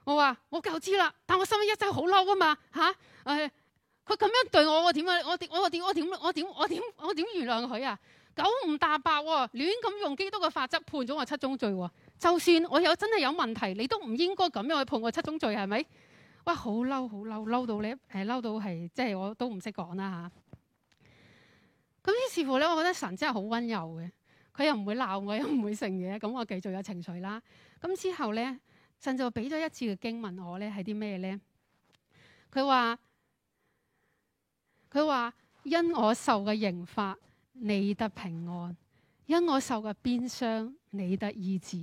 我話我夠知啦，但我心一陣好嬲啊嘛嚇誒。哎佢咁樣對我，我點啊？我點？我點？我點？我點？我點原諒佢啊？九唔搭八喎，亂咁用基督嘅法則判咗我七宗罪喎、啊。就算我有真係有問題，你都唔應該咁樣去判我七宗罪，係咪？哇！好嬲，好嬲，嬲到你誒，嬲到係即係我都唔識講啦吓。咁、啊、於是乎咧，我覺得神真係好温柔嘅，佢又唔會鬧我，又唔會剩嘢，咁我繼續有情緒啦。咁之後咧，甚至俾咗一次嘅經問我咧係啲咩咧？佢話。佢話：因我受嘅刑罰，你得平安；因我受嘅鞭傷，你得醫治。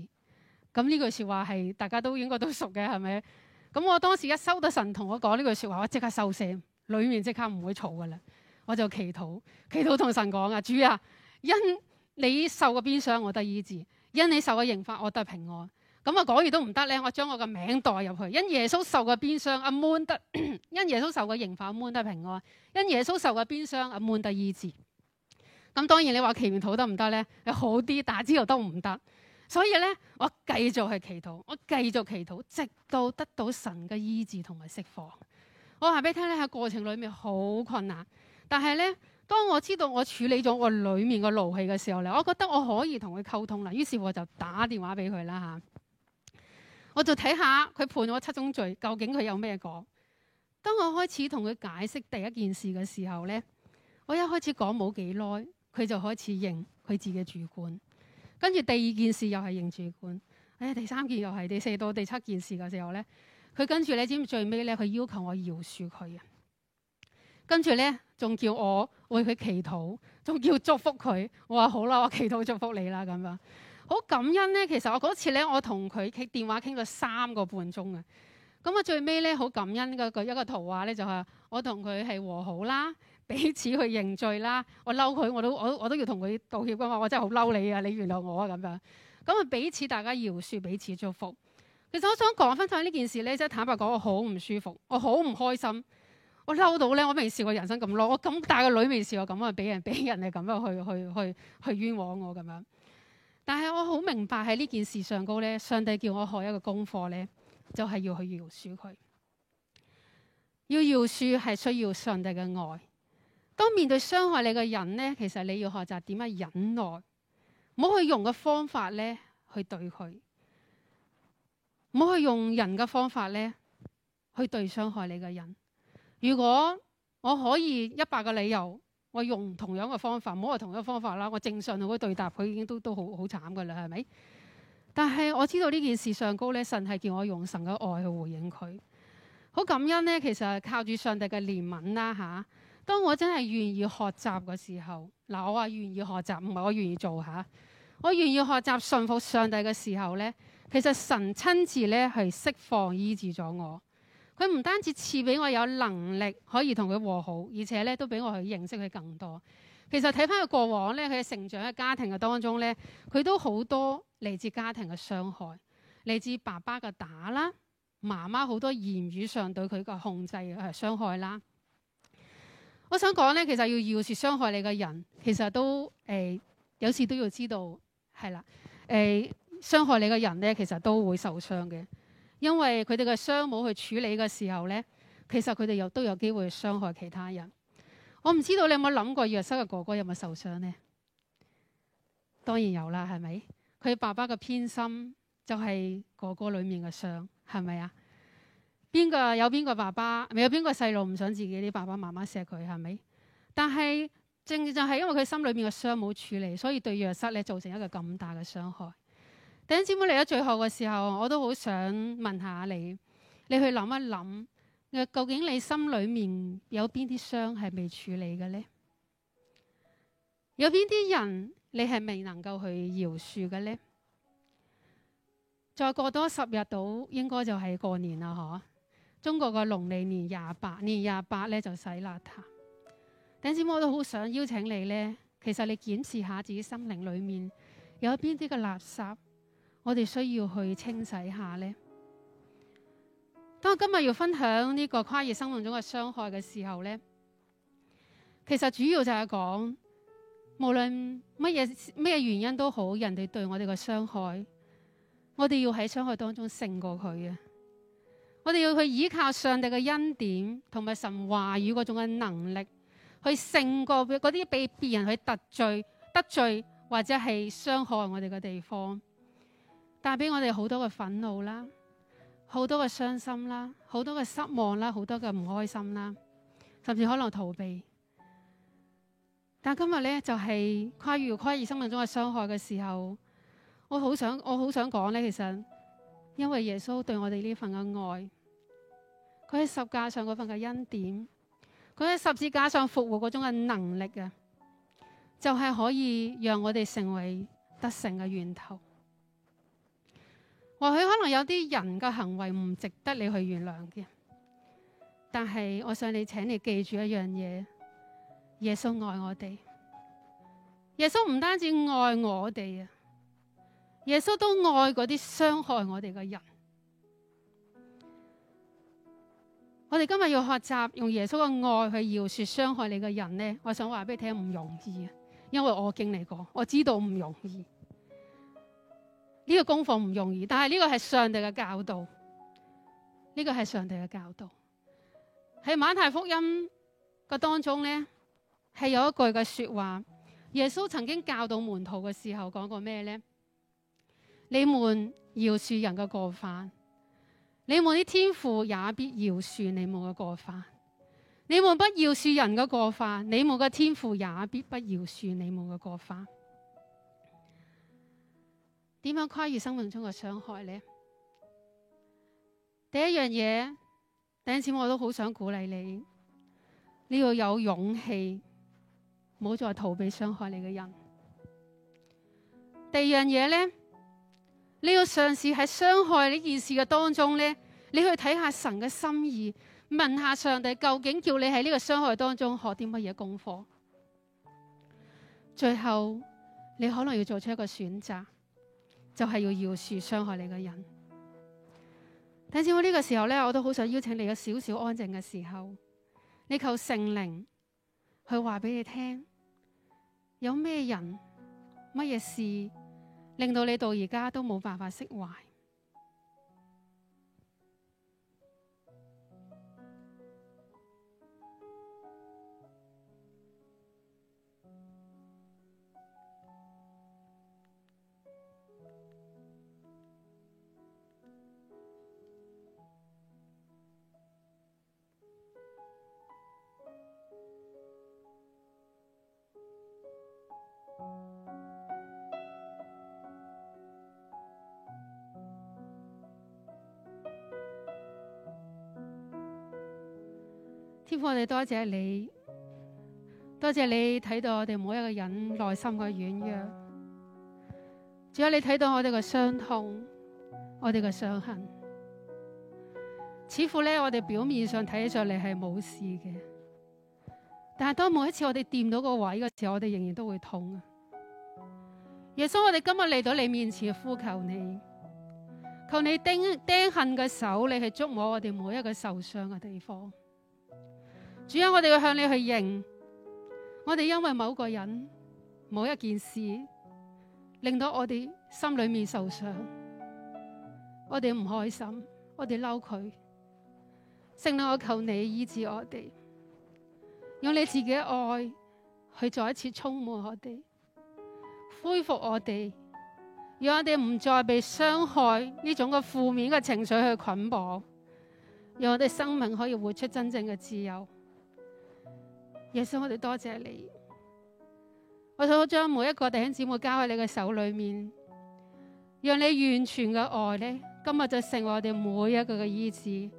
咁、嗯、呢句說話係大家都應該都熟嘅，係咪？咁、嗯、我當時一收到神同我講呢句說話，我即刻收聲，裏面即刻唔會嘈噶啦。我就祈禱，祈禱同神講啊，主啊，因你受嘅鞭傷，我得醫治；因你受嘅刑罰，我得平安。咁啊，講完都唔得咧，我將我個名代入去，因耶穌受嘅鞭傷，阿 Mon 得；因耶穌受嘅刑罰，阿 Mon 得平安；因耶穌受嘅鞭傷，阿 Mon 得醫治。咁當然你話祈禱好得唔得咧？係好啲，打之後都唔得。所以咧，我繼續去祈禱，我繼續祈禱，直到得到神嘅醫治同埋釋放。我話俾你聽咧，喺過程裏面好困難，但係咧，當我知道我處理咗我裏面嘅怒氣嘅時候咧，我覺得我可以同佢溝通啦。於是我就打電話俾佢啦嚇。我就睇下佢判咗七宗罪，究竟佢有咩講？當我開始同佢解釋第一件事嘅時候咧，我一開始講冇幾耐，佢就開始認佢自己主管。跟住第二件事又係認主管，哎呀，第三件又係，第四到第七件事嘅時候咧，佢跟住你知唔知最尾咧，佢要求我饒恕佢啊！跟住咧，仲叫我為佢祈禱，仲叫祝福佢。我話好啦，我祈禱祝、祝福你啦，咁樣。好感恩咧，其實我嗰次咧，我同佢傾電話傾咗三個半鐘啊。咁啊，最尾咧好感恩嗰一個圖畫咧，就係、是、我同佢係和好啦，彼此去認罪啦。我嬲佢，我都我我都要同佢道歉噶嘛。我真係好嬲你啊，你原諒我啊咁樣。咁啊，彼此大家饒恕彼此祝福。其實我想講分享呢件事咧，即係坦白講，我好唔舒服，我好唔開心。我嬲到咧，我未試過人生咁嬲。我咁大個女未試過咁啊，俾人俾人係咁樣去去去去去冤枉我咁樣。但係我好明白喺呢件事上高咧，上帝叫我學一個功課咧，就係要去饒恕佢。要饒恕係需要上帝嘅愛。當面對傷害你嘅人咧，其實你要學習點樣忍耐，唔好去用嘅方法咧去對佢，唔好去用人嘅方法咧去對傷害你嘅人。如果我可以一百個理由。我用同樣嘅方法，唔好話同樣嘅方法啦。我正常，去對答佢已經都都好好慘噶啦，係咪？但係我知道呢件事上高咧，神係叫我用神嘅愛去回應佢。好感恩呢，其實靠住上帝嘅憐憫啦吓，當我真係願意學習嘅時候，嗱我話願意學習，唔係我願意做吓，我願意學習信服上帝嘅時候咧，其實神親自咧係釋放醫治咗我。佢唔單止賜俾我有能力可以同佢和好，而且咧都俾我去認識佢更多。其實睇翻佢過往咧，佢嘅成長嘅家庭嘅當中咧，佢都好多嚟自家庭嘅傷害，嚟自爸爸嘅打啦，媽媽好多言語上對佢嘅控制誒傷害啦。我想講咧，其實要要饒恕傷害你嘅人，其實都誒、呃、有時都要知道係啦，誒、呃、傷害你嘅人咧，其實都會受傷嘅。因為佢哋嘅傷冇去處理嘅時候咧，其實佢哋又都有機會傷害其他人。我唔知道你有冇諗過約瑟嘅哥哥有冇受傷呢？當然有啦，係咪？佢爸爸嘅偏心就係哥哥裏面嘅傷，係咪啊？邊個有邊個爸爸，有邊個細路唔想自己啲爸爸媽媽錫佢，係咪？但係正正係因為佢心裏面嘅傷冇處理，所以對約瑟咧造成一個咁大嘅傷害。弟兄姊妹嚟咗最後嘅時候，我都好想問下你，你去諗一諗，究竟你心裏面有邊啲傷係未處理嘅呢？有邊啲人你係未能夠去饒恕嘅呢？再過多十日到，應該就係過年啦。嗬，中國嘅農曆年廿八，年廿八咧就洗邋遢。弟兄姊妹，我都好想邀請你咧，其實你檢視下自己心靈裏面有邊啲嘅垃圾，我哋需要去清洗下咧。當我今日要分享呢個跨越生命中嘅傷害嘅時候咧，其實主要就係講無論乜嘢乜嘢原因都好，人哋對我哋嘅傷害，我哋要喺傷害當中勝過佢啊！我哋要去依靠上帝嘅恩典同埋神話語嗰種嘅能力，去勝過嗰啲俾別人去得罪、得罪或者係傷害我哋嘅地方。帶俾我哋好多嘅憤怒啦，好多嘅傷心啦，好多嘅失望啦，好多嘅唔開心啦，甚至可能逃避。但今日咧就係跨越跨越生命中嘅傷害嘅時候，我好想我好想講咧，其實因為耶穌對我哋呢份嘅愛，佢喺十架上嗰份嘅恩典，佢喺十字架上復活嗰種嘅能力啊，就係可以讓我哋成為得勝嘅源頭。或許可能有啲人嘅行為唔值得你去原諒嘅，但係我想你，請你記住一樣嘢：耶穌愛我哋，耶穌唔單止愛我哋啊，耶穌都愛嗰啲傷害我哋嘅人。我哋今日要學習用耶穌嘅愛去饒恕傷害你嘅人咧，我想話俾你聽唔容易啊，因為我經歷過，我知道唔容易。呢個功課唔容易，但係呢個係上帝嘅教導。呢、這個係上帝嘅教導。喺馬太福音嘅當中咧，係有一句嘅說話。耶穌曾經教導門徒嘅時候講過咩咧？你們饒恕人嘅過犯，你們嘅天父也必饒恕你們嘅過犯。你們不饒恕人嘅過犯，你們嘅天父也必不饒恕你們嘅過犯。點樣跨越生命中嘅傷害咧？第一樣嘢，第一次我都好想鼓勵你，你要有勇氣，唔好再逃避傷害你嘅人。第二樣嘢咧，你要嘗試喺傷害呢件事嘅當中咧，你去睇下神嘅心意，問下上帝究竟叫你喺呢個傷害當中學啲乜嘢功課。最後，你可能要做出一個選擇。就係要饒恕傷害你嘅人。弟兄姊妹，呢個時候呢，我都好想邀請你有少少安靜嘅時候，你求聖靈去話俾你聽，有咩人、乜嘢事令到你到而家都冇辦法釋懷。天父，我哋多謝你，多謝你睇到我哋每一個人內心嘅軟弱。仲有你睇到我哋嘅傷痛，我哋嘅傷痕，似乎咧我哋表面上睇起上嚟係冇事嘅，但係當每一次我哋掂到個位嘅時候，我哋仍然都會痛啊。耶穌，我哋今日嚟到你面前，呼求你，求你釘釘恨嘅手，你去觸摸我哋每一個受傷嘅地方。主啊，我哋要向你去認，我哋因為某個人、某一件事，令到我哋心裏面受傷，我哋唔開心，我哋嬲佢。聖靈，我求你醫治我哋，用你自己嘅愛去再一次充滿我哋，恢復我哋，讓我哋唔再被傷害呢種嘅負面嘅情緒去捆綁，讓我哋生命可以活出真正嘅自由。耶穌，我哋多謝你。我想將每一個弟兄姊妹交喺你嘅手裏面，讓你完全嘅愛咧，今日就成為我哋每一個嘅醫治。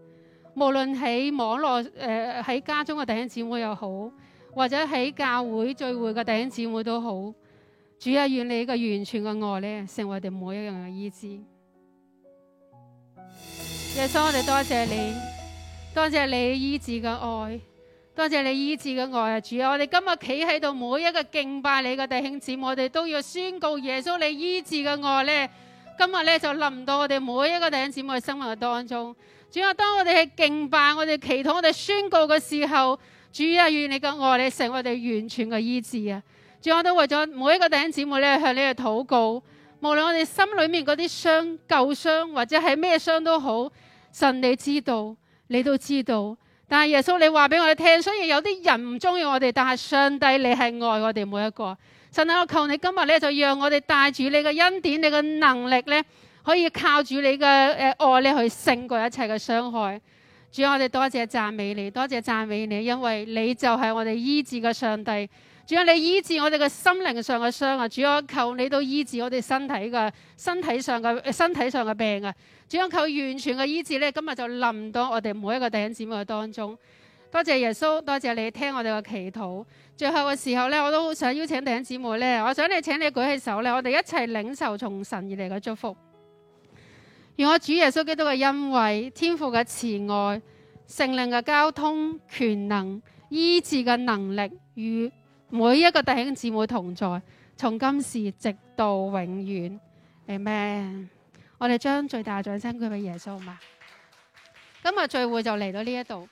無論喺網絡誒喺、呃、家中嘅弟兄姊妹又好，或者喺教會聚會嘅弟兄姊妹都好，主啊，願你嘅完全嘅愛咧，成為我哋每一個人嘅醫治。耶穌，我哋多謝你，多謝你醫治嘅愛。多謝你醫治嘅愛啊，主啊！我哋今日企喺度，每一個敬拜你嘅弟兄姊妹，我哋都要宣告耶穌你醫治嘅愛咧。今日咧就臨到我哋每一個弟兄姊妹嘅生活嘅當中。主啊，當我哋去敬拜，我哋祈禱、我哋宣告嘅時候，主啊，願你嘅愛，你成為我哋完全嘅醫治啊！主啊，都為咗每一個弟兄姊妹咧，向你去禱告。無論我哋心裏面嗰啲傷、舊傷或者係咩傷都好，神你知道，你都知道。但耶穌你，你話俾我哋聽，雖然有啲人唔中意我哋，但係上帝你係愛我哋每一個。神啊，我求你今日咧，就讓我哋帶住你嘅恩典，你嘅能力咧，可以靠住你嘅誒愛咧，去勝過一切嘅傷害。主啊，我哋多謝讚美你，多謝讚美你，因為你就係我哋醫治嘅上帝。主要你醫治我哋嘅心靈上嘅傷啊！主要求你都醫治我哋身體嘅身體上嘅身體上嘅病啊！主要求完全嘅醫治咧，今日就臨到我哋每一個弟兄姊妹嘅當中。多謝耶穌，多謝你聽我哋嘅祈禱。最後嘅時候咧，我都想邀請弟兄姊妹咧，我想你請你舉起手咧，我哋一齊領受從神而嚟嘅祝福，與我主耶穌基督嘅恩惠、天父嘅慈愛、聖靈嘅交通、權能、醫治嘅能力與。每一個弟兄姊妹同在，從今時直到永遠。Amen。我哋將最大掌聲舉俾耶穌嘛。今日聚會就嚟到呢一度。